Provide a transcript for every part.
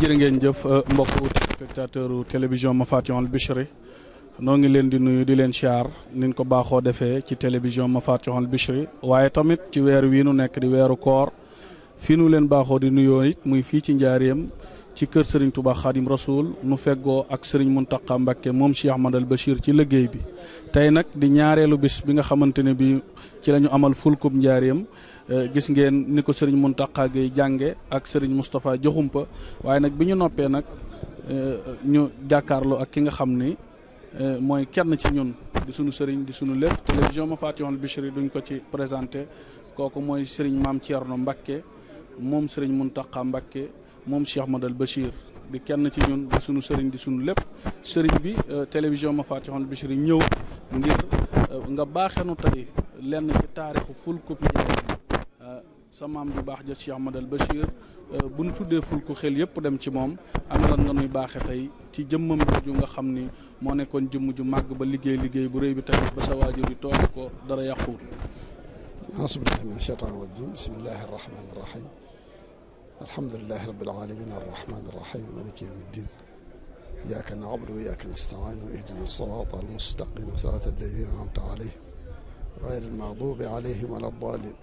jërë ngeen jëf euh, mbokku spectateur télévision Mafaatihul al noo ngi leen di nuyu di leen siyaar niñ ko baaxoo defee ci télévision Mafaatihul al Bichri waaye tamit ci weer wii nu nekk di weeru koor fii nu leen baaxoo di nuyoo it muy fii ci njaareem ci kër Serigne Touba Khadim Rasoul nu feggoo ak Serigne Mountakha Mbacké moom Cheikh Ahmad al Bachir ci liggéey bi tey nag di ñaareelu bis bi nga xamante ne bi ci la ñu amal fulkub njaareem eh, gis ngeen ni ko Serigne Mountakha Gueye jànge ak Serigne Moustapha Joxumpa waaye nag bi ñu noppee nag eh, ñu jàkkaarloo ak ki nga xam ni eh, mooy kenn ci ñun di sunu Serigne di sunu lépp ma Fatihul Bichri duñ ko ci présenté kooku mooy Serigne Maam Thierno Mbacké moom Serigne Mountakha Mbacké moom Cheikh Madal Bachir di kenn ci ñun di sunu sëriñ di suñu lépp sëriñ bi euh, télévision ma fatihon Bichri ñëw ngir euh, nga baaxenu tey lenn ci taarixu fulku euh, sa maam bu baax ja Cheikh Madal Bachir bu ñu tuddee fulku xel yëpp dem ci moom am lan nga nuy baaxe tey ci jëmmam ju nga xam ni moo nekkoon jëmm ju màgg ba liggéey liggéey bu rëy bi tamit ba sa waajur yi toog ko dara yàquwul. a'uuzu billaahi alhamdulilahi rabilalamin arrahman irrahim maliki yawm ddin iyyaka na'budu wa iyyaka nasta'in ihdina sirata almustaqim sirata alladina an'amta alayhim غير المغضوب عليهم ولا الضالين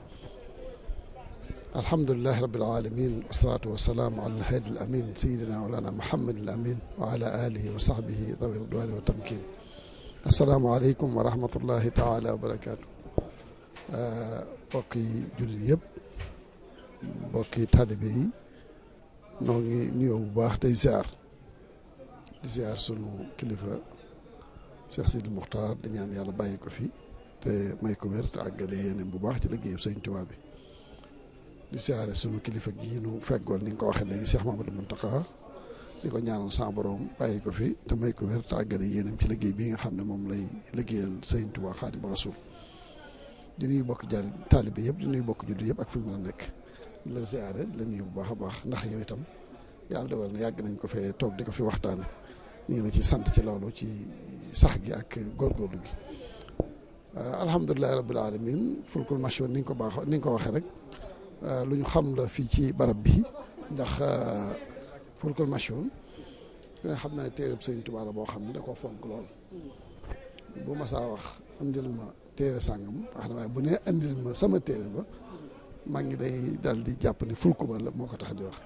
الحمد لله رب العالمين والصلاة والسلام على الهادي الأمين سيدنا مولانا محمد الأمين وعلى آله وصحبه ذوي الرضوان والتمكين السلام عليكم ورحمة الله تعالى وبركاته mbokk yi jullit yëpp mbokki taalibe yi noo ngi nuyoo bu baax tey ziar di ziar sunu kilifa Cheikh Sidi Muxtaar di ñaan yàlla bàyyi ko fi te may ko wér te àggale yéeneen bu baax ci liggéeyam sëñ Tuubaa bi di sunu kilifa gii nu feggoon ni nga ko waxee léegi Cheikh Mamadou Muntaxa di ko ñaanal sa borom bàyyi ko fi te may ko wér te àggale yéenam ci liggéey bi nga xam ne moom lay liggéeyal sëñ Tuubaa Xaadimu Rasuul di nuyu bokk jaar taalibe yëpp di nuyu bokk juddu yëpp ak fi ñu mën a nekk. di la ziare di bu baax a baax ndax yow itam yàlla dogal na yàgg nañ ko fee toog di ko fi waxtaan ñu ngi la ci sant ci loolu ci sax gi ak góorgóorlu gi. Euh, alhamdulilah rabbil alamin fulkul machon ni nga ko baax ni nga ko waxee rek euh, lu ñu xam la fii ci barab bi ndax euh, fulkul xam naa ne téereb Sëriñ Tuubaa boo xam ne da koo fonk lool bu ma saa wax indil ma téere sàngam wax na bu ne indil ma sama téere ba. maa ngi day daal di jàpp ni fulku ba la moo ko tax di wax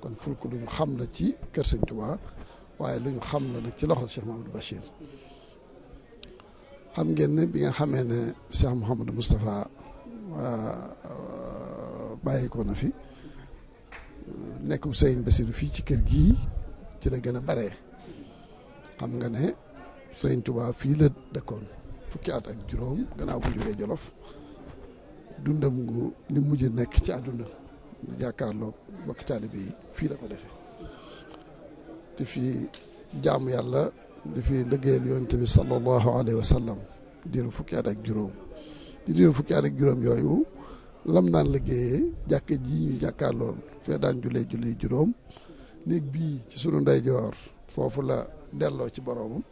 kon fulku lu ñu xam la ci kër Sëñ Tuubaa waaye lu ñu xam la nag ci loxol Cheikh Mahamadou Bachir xam ngeen ne bi nga xamee ne Cheikh Mouhamadou Moustapha bàyyi ko na fi nekku Sëñ Basiru fii ci kër gi ci la gën a bare xam nga ne Sëñ tubaa fii la dëkkoon fukki at ak juróom gannaaw bu jógee Jolof dundam gu li mujj nekk ci àdduna jàkkaarloog bokk taalibe yi fii la ko defee di fi jaamu yàlla di fi liggéeyal yonent bi sallallahu alayhi wa diiru fukki at ak juróom di diiru fukki at ak juróom yooyu lam naan liggéeyee jàkka ji ñu jàkkaarlool fee daan julee juróom néeg bii ci sunu ndeyjoor foofu la delloo ci boroomam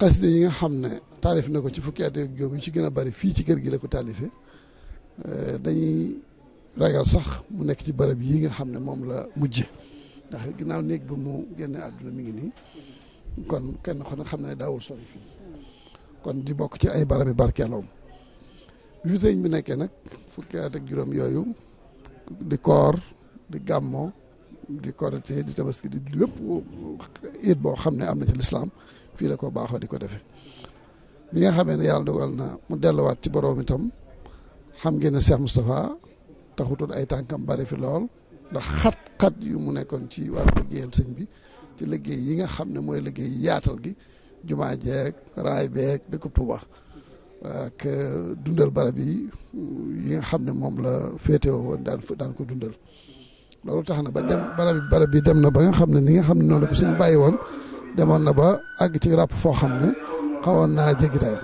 xasida yi nga xam ne taalif na ko ci fukki at ak juróom yu ci gën a bari fii ci kër gi la ko taalife euh, dañuy ragal sax mu nekk ci barab yi nga xam ne moom la mujje ndax ginnaaw néeg bi mu génne àdduna mi ngi nii kon kenn ko xam ne daawul sori fii kon di bokk ci ay barabi barkeeloom bi fi sëñ bi nekkee nag fukki at ak juróom yooyu di koor di gàmmo di korite di tabaski di lépp it boo xam ne am na ci lislaam fii la ko baaxoo di ko defee bi nga xamee ne yàlla dogal na mu delluwaat ci borom itam xam ngeen ne Cheikh Moustapha ay tànkam bari fi lool ndax xat-xat yu mu nekkoon ci war a liggéeyal sëñ bi ci liggéey yi nga xam ne mooy liggéey yaatal gi jumaa jeeg raay beeg euh, dundal barab yi yi nga xam ne moom la féetewoo woon daan ko dundal loolu tax na ba dem barab barab bi dem na ba nga xam ne ni nga xam ne noonu la ko suñu bàyyi woon demoon na ba àgg ci ràpp foo xam ne xawoon naa jéggi tey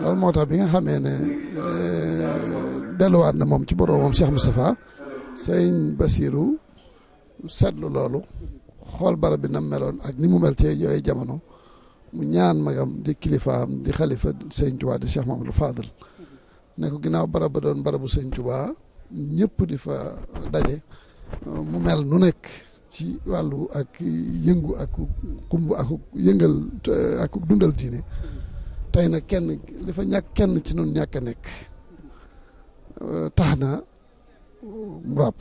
loolu moo tax bi nga xamee ne euh, delluwaat na moom ci boroomam Cheikh Moustapha sëñ Basirou seetlu loolu xool barab bi na meloon ak ni mu mel ci yooyu jamono mu ñaan magam di kilifaam di xalifa sëñ Touba di Cheikh Mamadou Fadal ne ko ginnaaw barab ba doon barabu sëñ Touba ñëpp di fa daje mu mel nu nekk. ci wàllu ak yëngu ak xumb ak yëngal eh, ak dundal diine tey nag kenn li fa ñàkk kenn ci noonu ñàkk a nekk eh, tax na mu ràpp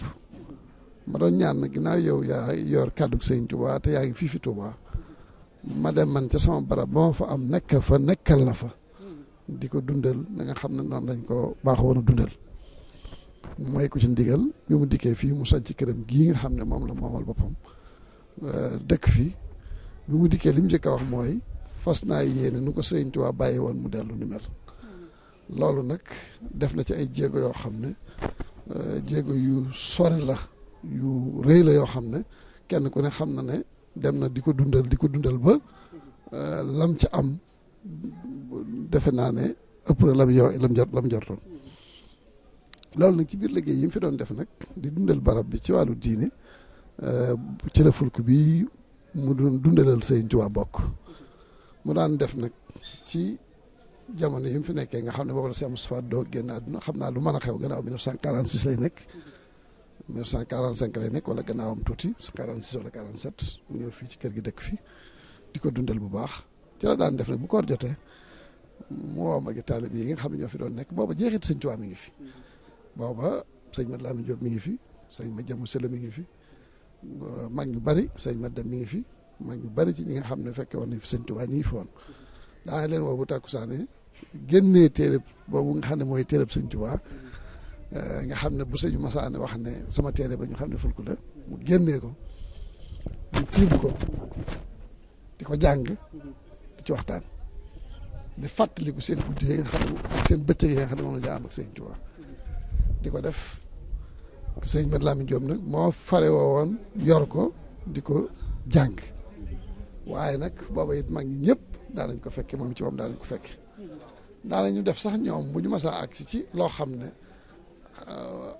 ma doon ñaan na ginnaaw yow yaa yor kàddu sëñ Tuubaa te yaa ngi fii fi ma dem man ca sama barab ba ma fa am nekk fa nekkal la fa di ko dundal na nga xam ne noonu lañ ko baaxoo woon a dundal may ko ci ndigal bi mu dikkee fii mu sañ ci këram gii nga xam ne moom la moomal boppam euh, dëkk fii bi mu dikkee li mu njëkk a wax mooy fas naa yéene nu ko Sëriñ Tuubaa bàyyi woon mu dellu ni mel loolu nag def na ci ay jéego yoo xam ne euh, jéego yu sore la yu rëy la yoo xam ne kenn ku ne xam na ne dem na di ko dundal di ko dundal ba euh, lam ci am defe naa ne ëpp na lam yow lam jot lam jortoon loolu nag ci biir liggéey yi mu fi doon def nag di dundal barab bi ci wàllu diine euh, ci la fulk bi mu doon dundalal Sëriñ Tuubaa bokk mu daan def nag ci jamono yi mu fi nekkee nga xam ne boobu la Cheikh Moustapha doo génn àdduna xam naa lu mën a xew gannaaw 1946 lay nekk 1945 lay nekk wala gannaawam tuuti 46 wala 47 mu ñëw fii ci kër gi dëkk fi di ko dundal bu baax ci la daan def nag bu koor jotee mu woo magi taalib yi nga xam ne ñoo fi doon nekk booba jeexit Sëriñ Tuubaa mi ngi fi booba sëñ Mat Lamin Jóob mi ngi fi sëñ ma jàmm sëla mi ngi fi mag ñu bari sëñ ma dem mi ngi fi mag ñu bari ci ñi nga xam ne fekke woon nañ fi sëñ Tuubaa ñi fi woon daana leen woo bu tàkkusaane génnee téereb boobu nga xam ne mooy téereb sëñ Tuubaa eh, nga xam ne bu sëñ Masaane wax ne sama téere ba ñu xam ne fulku la mu génnee ko di tiim ko di ko jàng di ci waxtaan di fàttaliku seen guddi yi nga xam ne ak seen bëccëg yi nga xam ne moom la daa am ak sëñ Tuubaa di ko def sëñ Mad Lamin Jóob nag moo fare woon yor ko di ko jàng waaye nag booba it mag ñi ñëpp daanañ ko fekke moom ci moom daanañ ko fekke daanañu def sax ñoom bu ñu masaa agsi ci loo xam ne euh,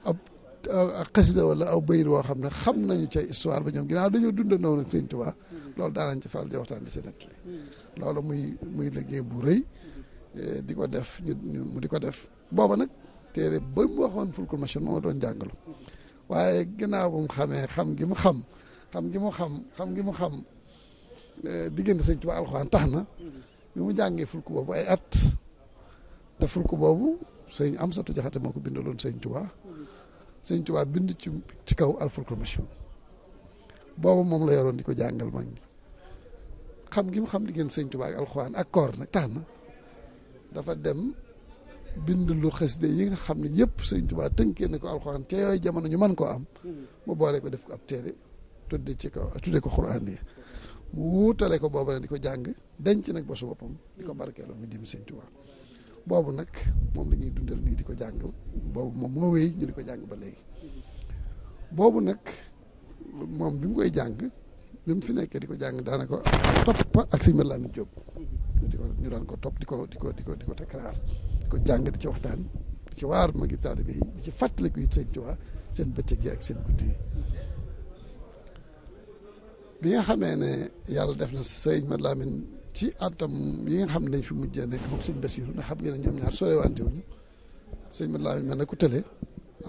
euh, ab xasida wala aw bayit woo xam ne xam nañu ca histoire ba ñoom ginnaaw dañoo dundandoo nag sëñ Tuubaa loolu daanañ ci faral di waxtaan di si nekk loolu muy muy liggéey bu rëy eh, di ko def mu di ko def booba nag téere ba mu waxoon fulkul machine moom doon jàngaloo waaye ginnaaw bu mu xamee xam gi mu xam xam gi mu xam xam gi mu xam eh, diggante sëñ Tuubaa alxuraan tax na mu jàngee fulku boobu ay at te boobu sëñ Amsatu Jaxate moo ko bindaloon sëñ Tuubaa bind ci ci kaw al fulkul moom la yoroon di ko jàngal mag xam gi mu xam ak alxuraan ak koor nag tax na dafa dem bind lu xes xasida yi nga xam ne yëpp sëñ Tuubaa tënkee na ko alxuraan ca yooyu jamono ñu man koo am mu boole ko def ko ab téere tudde ci kaw tudde ko xuraan yi mu wuutale ko boobu nag di ko jàng denc nag bosu boppam di ko barkeeloo mu jëm sëñ Tuubaa boobu nag moom la ñuy dundal nii di ko jàng boobu moom moo wéy ko jàng ba léegi boobu nag moom bi mu koy jàng bi mu fi nekkee di ko jàng daanaka topp ak sëñ Lamin Jóob ñu di ko ñu daan ko topp di ko di ko di ko di ko ko jàng di ci waxtaan di ci waar ma ngi taalibe yi di ci fàttaliku it sëñ Tuubaa seen bëccëg yi ak seen guddi yi bi nga xamee ne yàlla def na sëñ ma Lamin ci atam yi nga xam ne dañ fi mujjee nekk moom sëñ Basiiru ndax xam ngeen ne ñoom ñaar sorewante wuñu sëñ ma Lamin mel na ku tële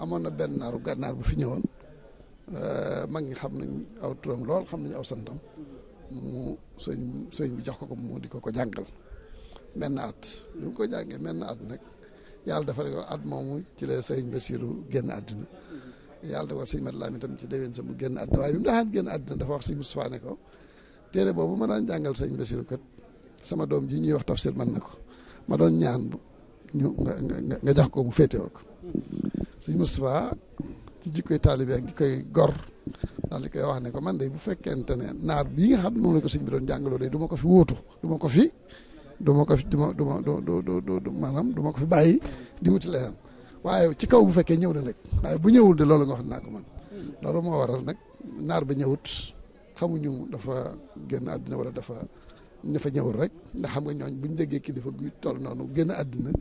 amoon na benn naaru gànnaar bu fi ñëwoon mag ñi xam nañ aw turam lool xam nañ aw santam mu sëñ sëñ bi jox ko ko mu di ko ko jàngal menn at bi mu ko jàngee menn at nag yàlla dafa rekoon at moomu ci la sëñ Basiru génn àddina yàlla da war sëñ Mat Lamin tam ci déwén sa mu génn àddina waaye bi mu daaxaan génn àddina dafa wax ko téere boobu ma daan jàngal sëñ Basiru kat sama doom ji ñuy wax tafsir man na ko ma doon ñaan ñu nga nga jox ko mu féetewoo ko sëñ Mustafaa ci jikkoy taalibe ak jikkoy gor daal di koy wax ne ko man de bu fekkente ne naar bii nga xam ne moom la ko sëñ bi doon jàngaloo de du ma ko fi wóotu du ko fi du ma ko fi du ma du ma du du maanaam du ko fi bàyyi di wuti leneen waaye ci kaw bu fekkee ñëw na nekk waaye bu ñëwul de loolu nga xam naa ko man loolu moo waral nag naar ba ñëwut xamuñu dafa génn àddina wala dafa dafa ñëwul rek ndax xam nga ñooñ buñ déggee kilifa guy toll noonu génn àddina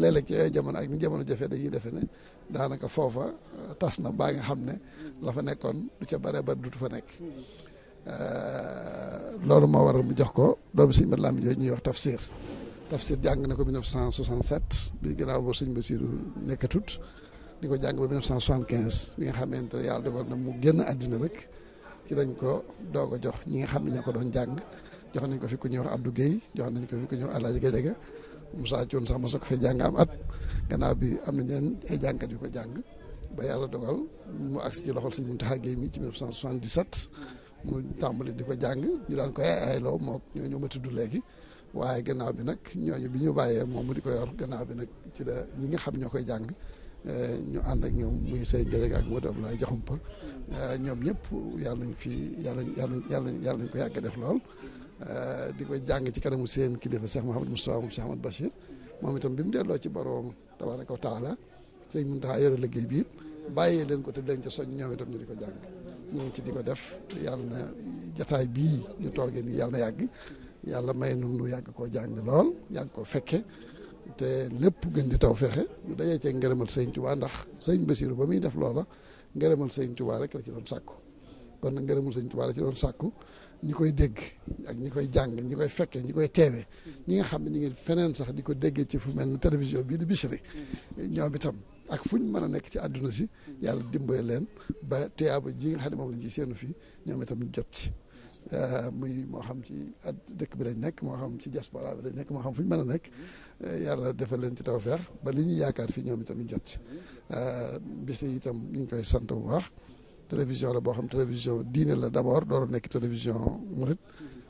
léeg ci yooyu jamono ak ni jamono jafee dañuy defe ne daanaka foofa tas na baa nga xam ne la fa nekkoon du ca bare bare dutu fa nekk Euh, loolu moo waral mu jox ko doomu sëñ Mate Lamine jooju ñuy wax tafsir tafsir jàng na ko 1967 bi gannaaw boo sëñ Basiru nekkatut di ko jàng ba 1975 bi nga xamante ne yàlla dogal na mu génn àddina rek ci lañ ko doog a jox ñi nga xam ne ñoo ko doon jàng jox nañ ko fi ku ñuy wax Abdou Guèye jox nañ ko fi ku ñuy wax Alaaji Gajaga sax mos a am at gannaaw am na ñeneen ay jàngkat ko jàng ba yàlla dogal mu agsi ci loxol sëñ Muntaxa Guèye mi ci mu tàmbali di ko jàng ñu daan koy ayayloo mook ñooñu ma tudd léegi waaye gannaaw bi nag ñooñu bi ñu bàyyee moom mu di ko yor gannaaw bi nag ci la nga xam ñoo koy jàng eh, ñu ànd ak ñoom muy say njëriñ ak Modou Abdoulaye Diakhoumpa eh, ñoom ñëpp yàlla nañ fi yàlla yàlla yàlla yàlla nañ ko def lool eh, di ko jàng ci kanamu seen kilifa Cheikh Mouhamadou Moustapha moom Cheikh Ahmad Bachir moom itam bi mu delloo ci boroom tabaaraka wa taala sëñ Muntaxa yore liggéey bi bàyyee leen ko te leen ca soñ ñoom itam ñu di ko jàng ñu ngi ci di ko def yàlla na jataay bii ñu toogee nii yàlla yàgg yàlla may nu nu yàgg koo jàng lool yàgg koo fekke te lépp gën di taw fexe ñu dajee cee ngërëmal sëñ Tuubaa ndax sëñ Basiru ba muy def loola ngërëmal sëñ Tuubaa rek la ci doon sàkku kon nag ngërëmal sëñ Tuubaa la ci doon sàkku ñi koy dégg ak ñi koy jàng ñi koy fekkee ñi koy teewee ñi nga xam ne ñu ngi feneen sax di ko déggee ci fu mel ne télévision bii di Bichri ñoom itam ak fu ñu mën a nekk ci àdduna si yàlla dimbale leen ba tuyaaba ji nga xam ne moom lañ ci seenu fii ñoom itam jot ci euh, muy moo xam ci at dëkk bi lañ nekk moo xam ci diaspora bi nekk moo xam fu ñu mën a nekk euh, yàlla defal leen ci taw tawfeex ba li ñuy yaakaar fii ñoom itam jot ci euh, bis itam ñu koy sant bu baax télévision la boo xam télévision diine la d'abord door nekk télévision murit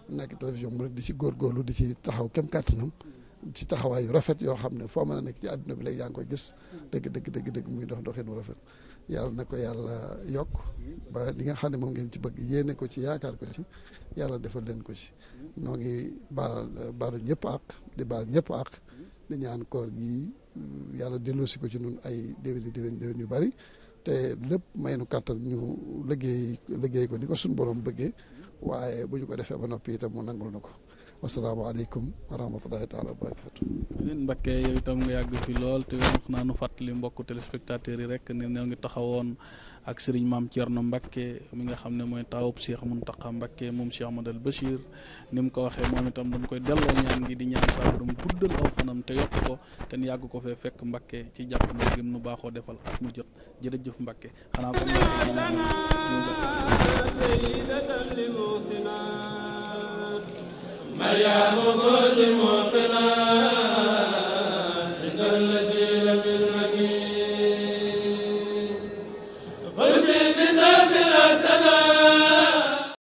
nekk télévision murit di ci góorlu di ci taxaw kem kàttanam ci taxawaayu rafet yoo xam ne foo mën a nekk ci àdduna bi léegi yaa ngi koy gis dëgg dëgg dëgg dëgg muy dox doxinu rafet yàlla na ko yàlla yokk ba li nga xam ne moom ngeen ci bëgg yéene ko ci yaakaar ko ci yàlla defal leen ko ci noo ngi baal ñëpp àq di ñëpp àq di ñaan koor gi yàlla delloosi ko ci nun ay déwéni déwén déwén yu bari te lépp may nu kàttan ñu liggéey liggéey ko ni ko suñu borom bëggee waaye bu ñu ko defee ba noppi itam mu nangul na ko wasalaamaaleykum wa rahmatulahi taala wa leen Mbacké yow itam nga yàgg fi lool te wax naa nu fàttali mbokku téléspectateurs yi rek ne ñoo ngi taxawoon ak sëriñ maam Thierno Mbacké mi nga xam ne mooy taawub Cheikh Mountakha Mbacké moom Cheikh Amadou dal ni mu ko waxee moom itam dañ koy delloo ñaan gi di ñaan saa borom guddal aw fanam te yokk ko te yàgg ko fee fekk Mbacké ci jàpp na gëm nu baaxoo defal at mu jot jërëjëf Mbacké xanaa. مريم قد موقنا